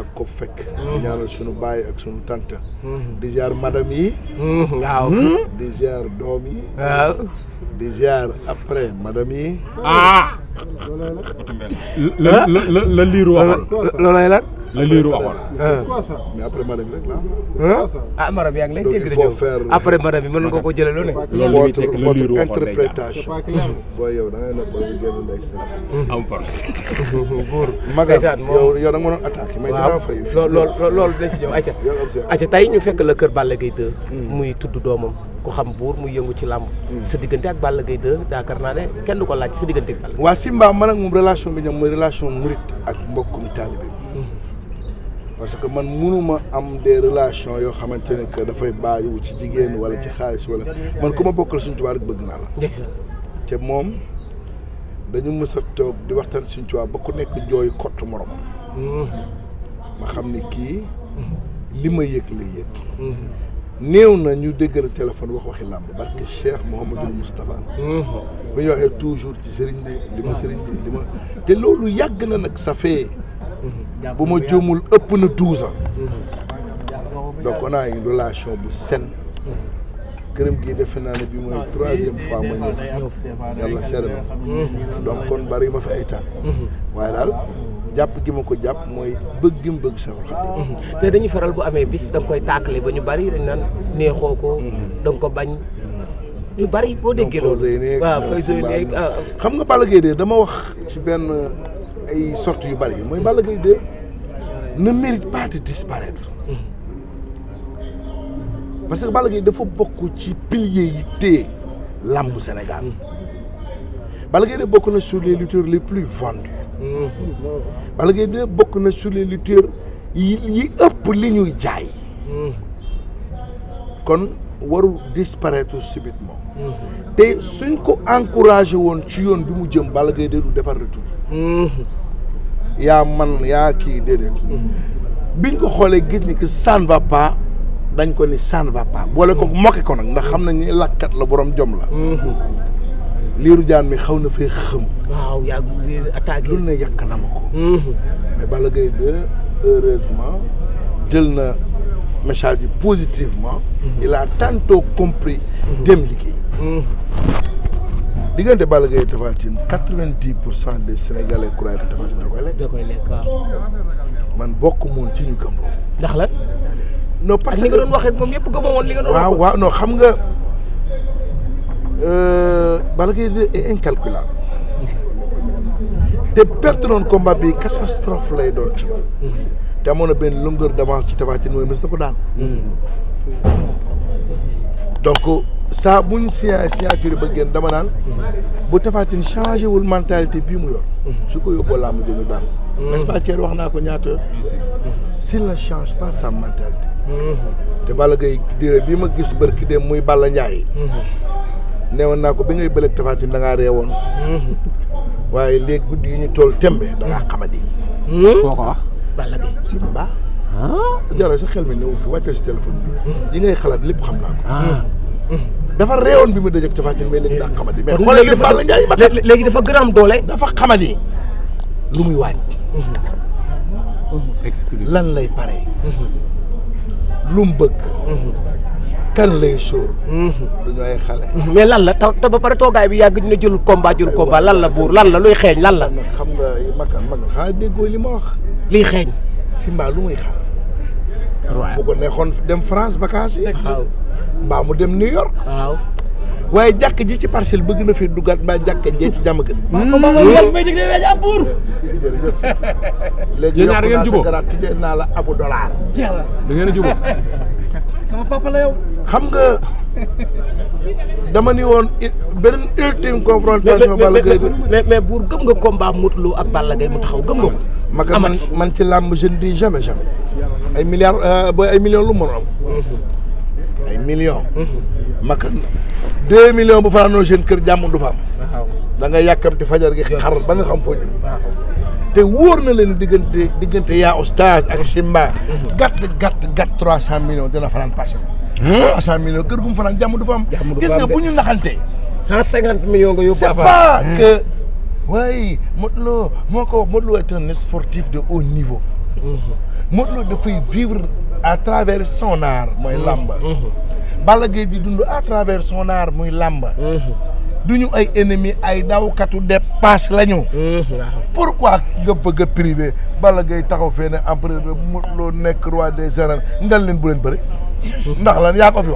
ak ko fekk di sunu baay ak sunu tante di ziar madame yi hmm, waaw hmm? di ziar doom yi waaw après madame yi ah la liiru waxal loolay lan la liiru amoon. c'est quoi ça mais après madame bi rek la. c'est quoi ça ah madame yaa ngi lay dégg dañoo après madame bi mën nga ko jëlee lu ne. loolu mooy tekk la liiru waxoon day jaar c'est pas clair. booy yow da ngay nekk booy génn ndey sa. am par góor. magal yow yow da nga mënoon attaqué mais dinaa fayu. loolu loolu dañ ci ñëw ayca. ayca tey ñu fekk la kër Balla Gaye 2. muy tudd doomam. ku xam buur muy yëngu ci làmb. Hmm. sa diggante ak Balla gitu. Gaye 2 yaakaar naa ne kenn du laaj sa diggante ak Balla. Simba man ak moom relation bi ñoom mooy relation murit ak mbokkum taalibe parce que man mënuma am de relation yoo xamante ne que dafay bàyyi wu ci jigéen wala ci xaalis wala man ku ma bokkal suñu tubaab rek bëgg naa la. te moom dañu mës toog di waxtaan suñ tubaab ba ku nekk jooy kottu morom. Mm-hmm. ma xam ne kii. li ma yëg lay yëg. Mm-hmm. néew na ñu déggal téléphone wax waxi parce barke Cheikh Mouhamadul Moustapha. Mm-hmm. bu ñu waxee toujours ci sëriñ bi li ma sëriñ li ma. te loolu yàgg na nag ça fait. bu ma juumul ëpp na douze ans donc on a une relation bu saine këram gii defe naa ne bi mooy ah, troisième fois ma ñëw yàlla seere na donc kon bari ma fi ay tànk waaye daal jàpp gi ma ko jàpp mooy bëgg mu bëgg Seexul Xadiim mm-hmm. te dañuy faral bu amee bis da nga koy tàkkale ba ñu bari dañ naan neexoo ko mm-hmm. da nga ko bañ mm-hmm. ñu bari boo déggee loolu waaw fay ah, xam nga Balla Gaye de dama wax ci benn ay sorte yu bari moy Balla Gaye 2 ne mérite pas de disparaître parce que Balla Gaye dafa bokk ci pilier yi té lamb Sénégal Balla Gaye 2 bokk na sur les lutteurs les plus vendus Balla Gaye 2 bokk na sur les lutteurs yi yi ëpp li ñuy jaay kon warul disparaître subitement té suñ ko encourager won ci yoon bi mu jëm Balla Gaye 2 du defar retour yaa man yaa kii déedéet biñ ko xoolee gis ni que ça va pas dañ ko ni ça ne va pas boole ko mokke ko nag ndax xam nañ ni lakkat la boroom jom la. liiru jaan mi xaw na fee xëm. waaw yaa ngi attaqué lu ne yàq na ma ko. Mhm. mais Balla Gaye 2 jël na message bi positivement. Mhm. il a tantôt compris. Mhm. dem liggéey. diggante Balla Gaye Tapha Tine quatre-vingt-dix cent des Sénégalais croient man bokk moon ci ñu gëm loolu. ndax lan. parce que li nga doon waxee moom ñëpp gëmoo waaw waaw non xam nga euh, Balla Gaye est te perte noonu combat bi catastrophe lay doon. Mhm. te amoon na benn longueur d'avance ci Tapha Tine mooy mës na ko daal. Mhm. donc saa buñ signa signature ba génn dama naan bu tafaatin changé wul mentalité bii mu yor su ko yóbboo làmb ji ñu daan mm. wax naa ko ñaata mm-hmm. s'il ne change pas sa mentalité mm-hmm. te Balla Gaye dire bi ma gis bërki dem muy Balla Ndiaye mm-hmm. neewoon naa ko bi ngay bëleeg tafaatin da ngaa reewoon waaye léegi guddi yi ñu toll tembe da ngaa xamadi koo ko wax Balla Gaye si baax Ah. jaaroo sa xel mi newu fi wàcce si téléphone bi. Hmm. yi ngay xalaat lépp xam naa ko. Ah. Hmm. Hmm. dafa réewoon bi mu dëjëk ca Fatou mais léegi daa xamadi. mais xoolal ba léegi dafa gën a am doole. dafa xamadi lu muy waaj. lan lay pare. lu mu bëgg. kan lay sóor. du ñooy lan la te ba pare toogaay bi yàgg dina jël combat jël combat lan la buur lan la luy xeeñ lan la. xam nga mag mag xaa déggoo li ma wax. liy xeeñ. Simba lu muy xaar. waaw bu ko neexoon dem France vacances yi. waaw mbaa mu dem New York. waaw. waaye jàkk ji ci parcelle bëgg na fi duggaat mbaa jàkk jee ci jàmm gën. moom moom may déggee wéy am buur. jërëjëf sax léegi yokku naa sa garaat tuddee naa la abu dollar. jeex da ngeen a jubóo. sama papa la yow. xam nga dama ni woon beneen ultime confrontation. Balla Gaye mais mais buur gëm nga combat Modou Lo ak Balla Gaye mu taxaw gëm nga ko. amati man man ci làmb je ne dis jamais jamais. ay milliards euh, ba ay millions lu mu mën a am. ay millions. Mm-hmm. makka deux millions bu fanaanoo seen kër jàmm du fa am. da ngay yàkkamti fajar gi xar ba nga xam foo jëm. te wóor na leen diggante diggante yaa oustaz ak Simba. Mm-hmm. gàtt gàtt gàtt trois cent millions dina fanaan passé. Hmm? trois cent millions kër gu mu fanaan jàmm du fa am. gis nga bu ñu naxantee. cent cinquante millions nga yóbbu waaye Modlo, Moko, moo ko est un sportif de haut niveau. Mhm. Modlo Lo dafay vivre à travers son art mooy mhm. làmba. Mhm. Balla Gaye di dund à travers son art muy làmba. du ñu ay ennemi ay dawkatu dépasse la ñu. pourquoi nga bëgg privé Balla Gaye taxaw fee ne empereur Modou Lo roi des arènes ngal leen bu leen bëri. ndax lan yaa ko fi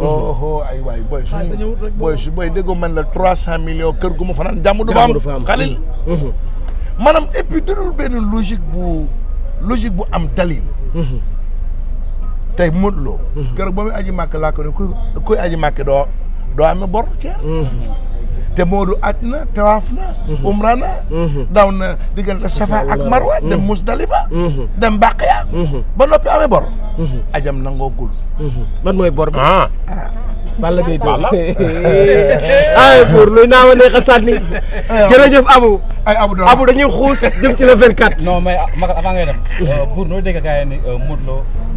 oh mhm. oh ay booy suñu booy su booy la trois cent millions kër gu ma fanaan jàmm du fa am xalil mhm. maanaam et puis dadul benn bu logique bu am dalil mhm. tey Modou Lo keroog boobu aji màkk laa ko ne kuy aji màkk doo doo amee bor ceer te Moodu aj na tawaaf na. Mhm. umra na. Mhm. daw na diggante Safa ak Marwa. dem mhm. Musdalifa. dem Baqiya. ba noppi amee bor. ajam nangoo gul. man mooy bor ba. Ah. Ah. Balla Gaye doon ay pour luy naaw a neex a sànni jërëjëf Abou. ay Abou doon Abou dañuy xuus jëm ci le 24. non ah,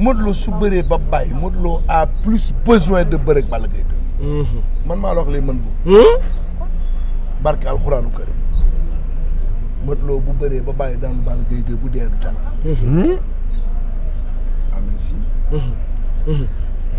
modlo su beure ba bay modlo a plus besoin de bëre ak Balla Gaye mhm. man ma la wax lay mën bu hmm? barke alxuraanu karim modlo bu beure ba bay dan Balla Gaye 2 bu dee du tan mhm. amin si mhm.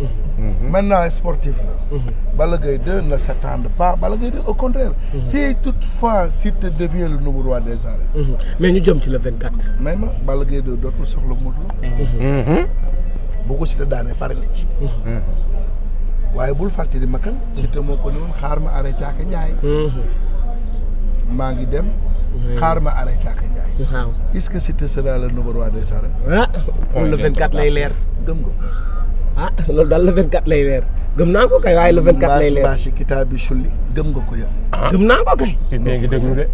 Mm-hmm. maintenant sportif sportifs mm-hmm. ne s'attend pas au contraire. Mm-hmm. si toutefois tu deviens le nouveau roi des arts. mais nous sommes le 24. même si tu 2 le monde beaucoup ko dem. est-ce que tu sera le nouveau roi des arts? Ah, le 24 lay ah loolu daal le 24 lay leer gëm naa ko kay waaye le 24 lay leer baas baasi sulli gëm nga ko yow. Ah. gëm naa ko kay. nit ngi déglu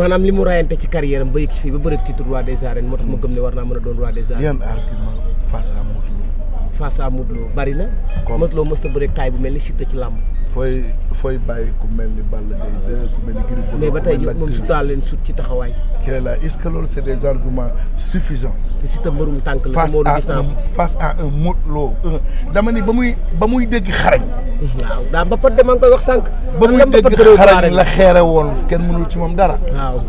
maanaam li mu rayante ci carrière am ba yegg si fii ba bëreeg titre roi des arènes moo tax ma gëm ne war naa mën a doon roi des arènes. yan argument face à face à bari na. comme Modou Lo mës a bëre bu mel ni Siteu ci làmb. fooy fooy bàyyi ku mel ni Balla Gaye mel ni Gris Bordeaux mais ba tey moom su daal leen sut ci taxawaay. keneen la est-ce que loolu c'est des arguments suffisants. te Siteu un face à dama ni ba muy ba muy dégg xarañ. waaw daa ba pat de maa ngi koy wax sànq. ba muy dégg xarañ la xeere woon kenn mënul ci moom dara. waaw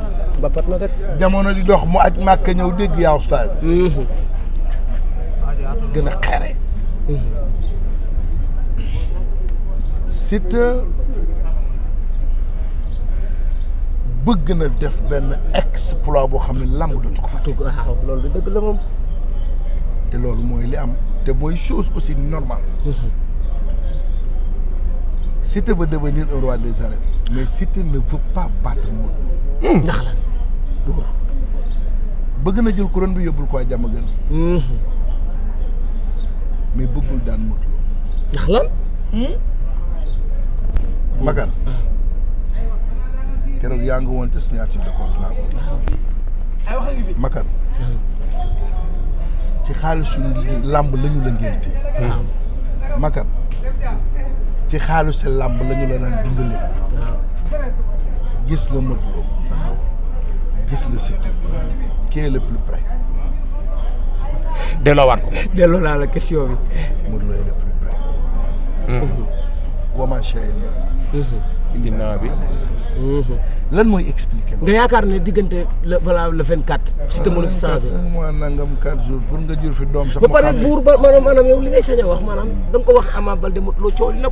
ba pat na jamono di dox mu aj màkk ñëw dégg yaa oustaz. Mhm. gën a xeere Siteu bëgg na def benn exploit boo xam ne lamb dootu ko fa tugg ah, loolu dëgg la moom te loolu mooy li am te mooy chose aussi normale mm-hmm. Siteu veut devenir un roi des arènes mais Siteu ne veut pas battre Modou Lô mm. ndax lan bëgg na jël couronne bi yóbbul ko waa jàmm gën mais bëggul daan Modou Lo. ndax lan. Hmm? Magan. Ah. keroog yaa ngi woon te signature de contrat ah. ay wax ah. nga ci xaalisu làmb lañu la ngénte. Magan ci xaalisu làmb lañu la naan dundale. gis nga Modou gis nga Siteu. qui est plus près. delloowaat ko. delloo naa la question bi. Modou Lo est le plus près. waman Cheikh ginnaaw mhm. mooy expliquer. nga yaakaar ne diggante le voilà le 24. si dama la fi ah, changé un mois nangam 4 jours pour nga jur fi doom sax. ba pare buur ba maanaam maanaam yow li ngay sañ a wax maanaam da ko wax Ama Baldé Modou Lo coow na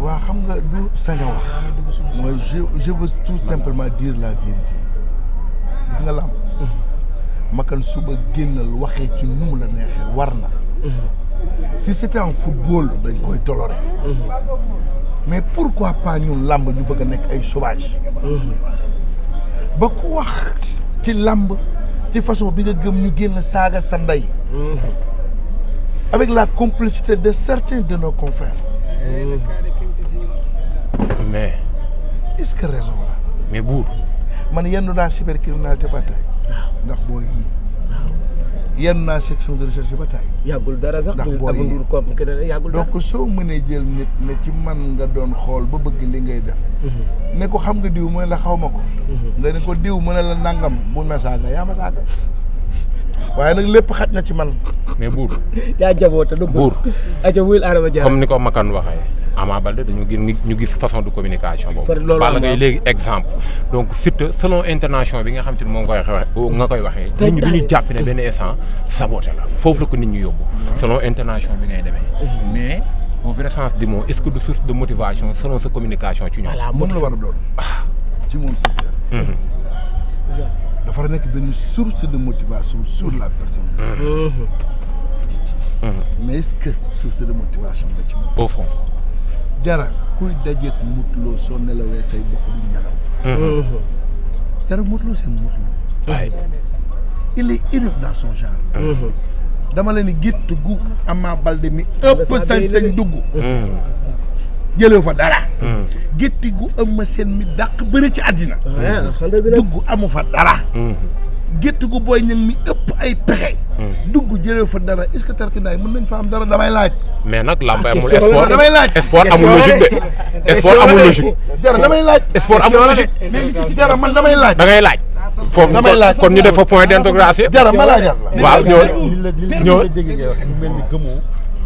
waa xam nga du sañ wax. Ah, mooy je je veux tout simplement dire la vérité gis nga laam makan suba gennal waxe ci nu la nexe warna si c'était en football dañ koy toléré mais pourquoi pas ñun lamb ñu bëgg nek ay sauvage ba ko wax ci lamb ci façon bi nga gëm ñu genn saga sa avec la complicité de certains de nos confrères mais est-ce que raison là..? mais buur man yendu naa cybercriminalité ba tey. ndax booy yii. yendu naa section de recherche ba tey. yàggul dara sax ndax booy yii donc soo mënee jël nit ne ci man nga doon xool ba bëgg li ngay def. Mm-hmm. ne ko xam nga diw mooy la xaw ma ko. Mm-hmm. nga ne ko diw mën na la nangam bu ma saaga yaa ma waaye nag lépp xaj na ci man. mais buur. yaa jaboote du buur. aca wuyul Adama Diarra comme ni ko Makan waxee. Ama Balde dañu gis ñu gis façon de communication boobu. loolu Balla Gaye léegi exemple. donc surtout selon internation bi nga xam te ne moom nga koy waxee nga koy waxee. nit ñi dañuy jàpp ne benn instant saboté la foofu la ko nit ñi yóbbu. selon internation bi ngay demee. Mm-hmm. mais au vrai sens du mot est-ce que du source de motivation selon sa communication ci ñoom. voilà moom la war a doon ah. ci moom Siteu. dafa nekk benn source de motivation sur la personne. mais est-ce que source de motivation la ci au fond. jara kuy dajeet mutloo soo nelawee say bokk du nelaw. jara mutloo c'est mutloo. il est unique dans son genre. dama leen di gétt gu Ama Baldé mi ëpp sañ-sañ dugg. jëlee fa dara. Hmm. gétti gu ma seen mi dàq bëri ci àddina. Ah, dugg amu fa dara. Hmm. gétti gu booy ñëng mi ëpp ay pexe. Hmm. dugg jëlee fa dara est-ce que tarkindaay mën nañ fa am dara damay laaj. mais nag làmb amul sport damay laaj. sport amul logique de. sport amul logique. dara damay laaj. sport amul logique. mais li ci si laaj. da ngay laaj. Ah, foofu kon ñu def fa point d'intégration. dara ma laajal la. waaw ñoo ñoo.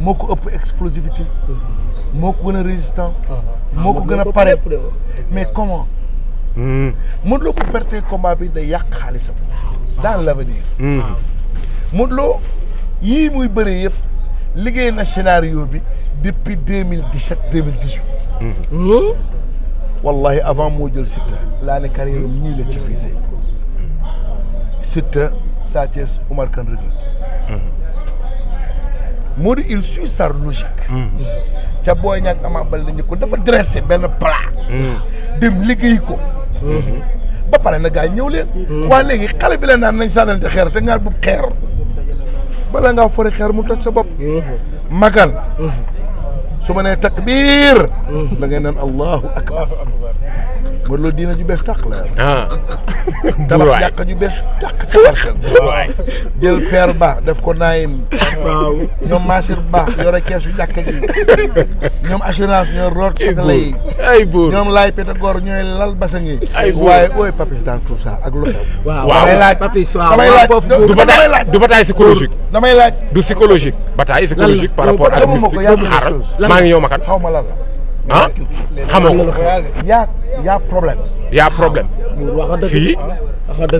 moko ko explosivité moko gëna résistant moko gëna paré mais comment hmm. Modou Lo bu perte combat bi day yak xaalisam dans l'avenir hmm. Modou Lo yii muy bëri yëpp liggéey na scénario bi depuis 2017 2018 dix wallahi avant mo jël Siteu laa carrière ni le la ci visé hmm. Siteu Sa Omar Kane Reug moo di il suit sa logique. ca booy ñaag Ama Baldé ñu ko dafa dressé benn plat. dem liggéey ko. ba pare nag gaa ñëw leen. waa léegi xale bi la naan nañ sànnante xeer te ngaa bub xeer. balaa ngaa fori xeer mu toj sa bopp. magal. sumane takbir la takbiir ngay naan allahu akbar ma loolu diina ju bes tàq la tabax yak ju bes tak ci barkeel jël peer ba def ko naayim ñom masir ba yore kees yu jàkka ji ñom assurance ñooy root satala lay ay ñom lay laay gor ñoy lal basan yi waaye ooy papis dans tout ça ak lu xew waaw laaj papis waaw du laaj du bataille psychologique damay laaj du psychologique bataille psychologique par rapport à la maa ngi ñëw ma xaw ma la. ah xamoo ko yaa problème. yaa problème. fii. waxa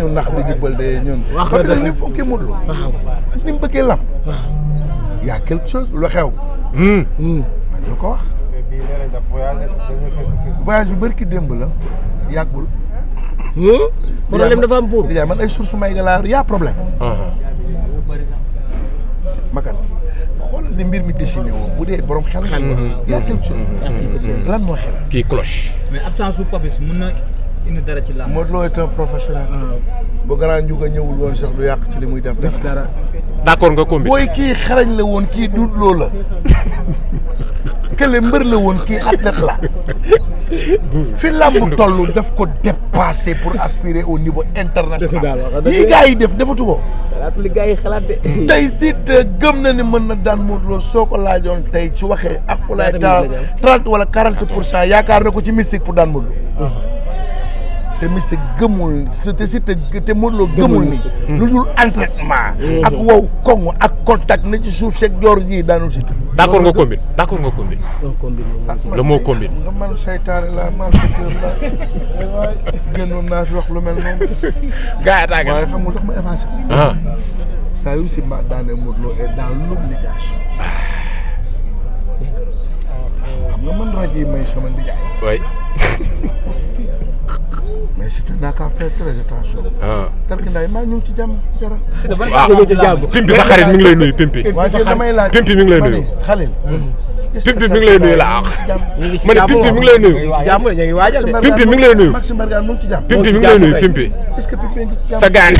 ñu nax di jubbal de ñun. waxa dëgg ni fukki mudul. waaw ak ni mu bëggee lam. waaw yaa quelque chose lu xew. Hmm. Hmm. man ñu ko wax. voyage bi barki démb la yàggul. Hmm? problème dafa am pour. man ay source may nga problème. Ah. makat ne mbir mi dessiné woo bu dee borom xel xel mm-hmm. mm-hmm. lan moo xel kii cloche mais absence bu Papis mën na indi ci làmb Modou Lo est un professionnel ah, bu grand njuga ñëwul woon sax lu yàq ci li muy dem def dara d'accord nga combi booy kii xarañ la woon kii du loo la kële mbër la woon kii athlète la fi làmb toll daf ko dépassé pour aspirer au niveau international yi gars yi def defatu ko xalaatu li gars yi xalaat de tey Siteu gëm na ni mën na daan Modou Lo soo ko laajoon tey ci waxee ak ku laay taal trente wala quarante pour cent yaakaar na ko ci mystique pour daan Modou te Mystique gëmul te si te te Modou Lo gëmul ni hmm. lu dul entraînement hmm. ak wow koŋ ak contact na ci suuf seeg joor ji daanul si d'accord nga combine d'accord nga combine le mot combine nga man seytaane la man la génnoon naa fi wax lu mel noonu gars yi tàggat waaye xam nga tax ma avancé ah. saa yu si ma daane Modou Lo est dans l'obligation ah. xam nga man rajo yi may sama ndigaay mais si naa kaa faire très attention. Ah. Tarki Ndaay maa ñu ngi ci ah. pimpi sa xarit mi ngi lay nuyu pimpi. pimpi mi ngi lay nuyu. la ma ne pimpi mi ngi lay nuyu. pimpi mi ngi lay nuyu. pimpi sa gaan.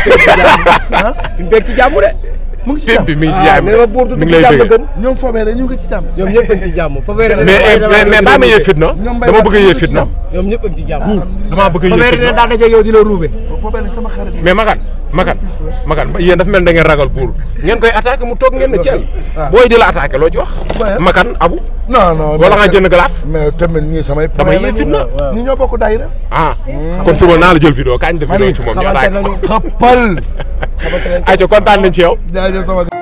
mu ngi ci jàmm fépp mi ngi ci ah, jàmm ne ma buur du jàmm gën ñoom Fobere ñu ngi ci jàmm ñoom ñëpp ci jàmm Fobere eh, mais mais daa ma yee fitna dama bëgg a yee fitna ñoom ñëpp ci jàmm dama bëgg a yee fitna daa daje yow di la ruube Fobere sama xarit mais makan makan makan yéen dafa mel da ngeen ragal buur ngeen koy attaqué mu toog ngeen ne ci el booy di la attaqué loo ci wax makan abu non non wala nga jënd glace mais tamit ñii samay dama ayca kontaan nañ ci yow. jaajëf